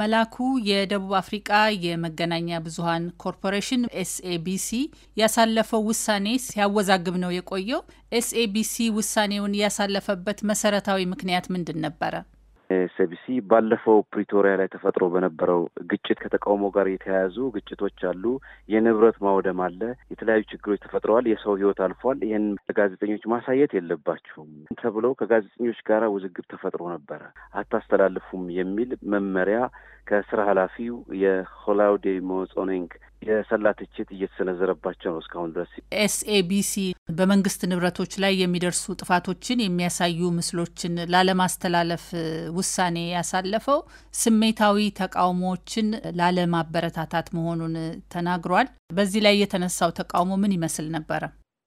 መላኩ የደቡብ አፍሪቃ የመገናኛ ብዙሀን ኮርፖሬሽን ኤስኤቢሲ ያሳለፈው ውሳኔ ሲያወዛግብ ነው የቆየው። ኤስኤቢሲ ውሳኔውን ያሳለፈበት መሰረታዊ ምክንያት ምንድን ነበረ? ሰቢሲ ባለፈው ፕሪቶሪያ ላይ ተፈጥሮ በነበረው ግጭት ከተቃውሞ ጋር የተያያዙ ግጭቶች አሉ። የንብረት ማውደም አለ። የተለያዩ ችግሮች ተፈጥረዋል። የሰው ህይወት አልፏል። ይህን ለጋዜጠኞች ማሳየት የለባችሁም ተብሎ ከጋዜጠኞች ጋር ውዝግብ ተፈጥሮ ነበረ። አታስተላልፉም የሚል መመሪያ ከስራ ኃላፊው የሆላውዴ ሞጾኔንግ የሰላ ትችት እየተሰነዘረባቸው ነው። እስካሁን ድረስ ኤስኤቢሲ በመንግስት ንብረቶች ላይ የሚደርሱ ጥፋቶችን የሚያሳዩ ምስሎችን ላለማስተላለፍ ውሳኔ ያሳለፈው ስሜታዊ ተቃውሞዎችን ላለማበረታታት መሆኑን ተናግሯል። በዚህ ላይ የተነሳው ተቃውሞ ምን ይመስል ነበረ?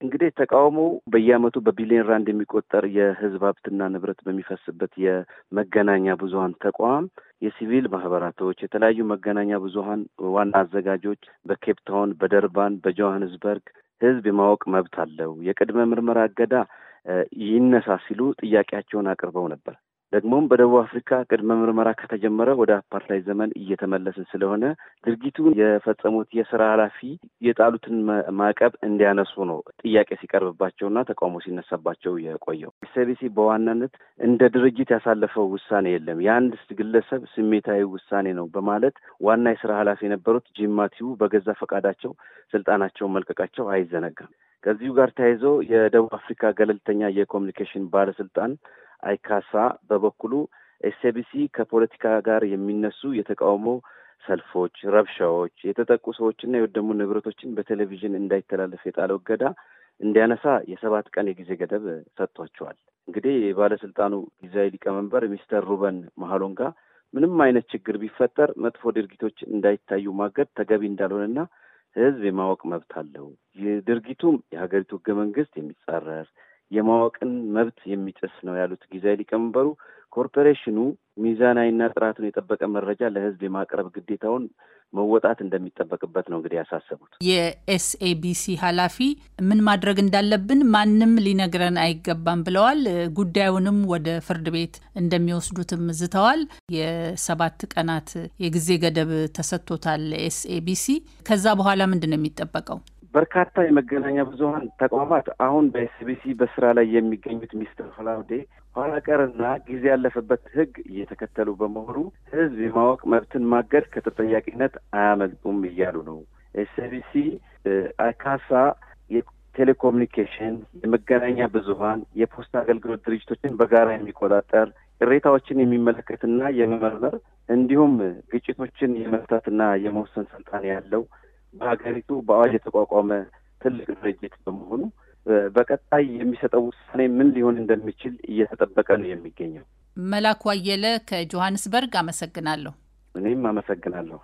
እንግዲህ ተቃውሞ በየዓመቱ በቢሊዮን ራንድ የሚቆጠር የህዝብ ሀብትና ንብረት በሚፈስበት የመገናኛ ብዙሀን ተቋም የሲቪል ማህበራቶች፣ የተለያዩ መገናኛ ብዙሀን ዋና አዘጋጆች በኬፕታውን፣ በደርባን፣ በጆሀንስበርግ ህዝብ የማወቅ መብት አለው፣ የቅድመ ምርመራ እገዳ ይነሳ ሲሉ ጥያቄያቸውን አቅርበው ነበር። ደግሞም በደቡብ አፍሪካ ቅድመ ምርመራ ከተጀመረ ወደ አፓርታይ ዘመን እየተመለሰ ስለሆነ ድርጊቱን የፈጸሙት የስራ ኃላፊ የጣሉትን ማዕቀብ እንዲያነሱ ነው ጥያቄ ሲቀርብባቸውና ተቃውሞ ሲነሳባቸው የቆየው። ኢሰቤሲ በዋናነት እንደ ድርጅት ያሳለፈው ውሳኔ የለም፣ የአንድ ግለሰብ ስሜታዊ ውሳኔ ነው በማለት ዋና የስራ ኃላፊ የነበሩት ጂማቲው በገዛ ፈቃዳቸው ስልጣናቸውን መልቀቃቸው አይዘነጋም። ከዚሁ ጋር ተያይዞ የደቡብ አፍሪካ ገለልተኛ የኮሚኒኬሽን ባለስልጣን አይካሳ በበኩሉ ኤስኤቢሲ ከፖለቲካ ጋር የሚነሱ የተቃውሞ ሰልፎች፣ ረብሻዎች፣ የተጠቁ ሰዎችና የወደሙ ንብረቶችን በቴሌቪዥን እንዳይተላለፍ የጣለው እገዳ እንዲያነሳ የሰባት ቀን የጊዜ ገደብ ሰጥቷቸዋል። እንግዲህ የባለስልጣኑ ጊዜያዊ ሊቀመንበር ሚስተር ሩበን መሀሎንጋ ምንም አይነት ችግር ቢፈጠር መጥፎ ድርጊቶች እንዳይታዩ ማገድ ተገቢ እንዳልሆነና ህዝብ የማወቅ መብት አለው። ድርጊቱም የሀገሪቱ ህገ መንግስት የሚጻረር የማወቅን መብት የሚጥስ ነው ያሉት ጊዜያዊ ሊቀመንበሩ ኮርፖሬሽኑ ሚዛናዊና ጥራቱን የጠበቀ መረጃ ለህዝብ የማቅረብ ግዴታውን መወጣት እንደሚጠበቅበት ነው እንግዲህ ያሳሰቡት የኤስኤቢሲ ኃላፊ። ምን ማድረግ እንዳለብን ማንም ሊነግረን አይገባም ብለዋል። ጉዳዩንም ወደ ፍርድ ቤት እንደሚወስዱትም ዝተዋል። የሰባት ቀናት የጊዜ ገደብ ተሰጥቶታል ኤስኤቢሲ። ከዛ በኋላ ምንድን ነው የሚጠበቀው? በርካታ የመገናኛ ብዙሀን ተቋማት አሁን በኤስቢሲ በስራ ላይ የሚገኙት ሚስተር ፍላውዴ ኋላ ቀርና ጊዜ ያለፈበት ህግ እየተከተሉ በመሆኑ ህዝብ የማወቅ መብትን ማገድ ከተጠያቂነት አያመልጡም እያሉ ነው። ኤስቢሲ አካሳ የቴሌኮሙኒኬሽን፣ የመገናኛ ብዙሀን የፖስታ አገልግሎት ድርጅቶችን በጋራ የሚቆጣጠር ቅሬታዎችን የሚመለከትና የመመርመር እንዲሁም ግጭቶችን የመፍታትና የመወሰን ስልጣን ያለው በሀገሪቱ በአዋጅ የተቋቋመ ትልቅ ድርጅት በመሆኑ በቀጣይ የሚሰጠው ውሳኔ ምን ሊሆን እንደሚችል እየተጠበቀ ነው የሚገኘው። መላኩ አየለ ከጆሀንስበርግ አመሰግናለሁ። እኔም አመሰግናለሁ።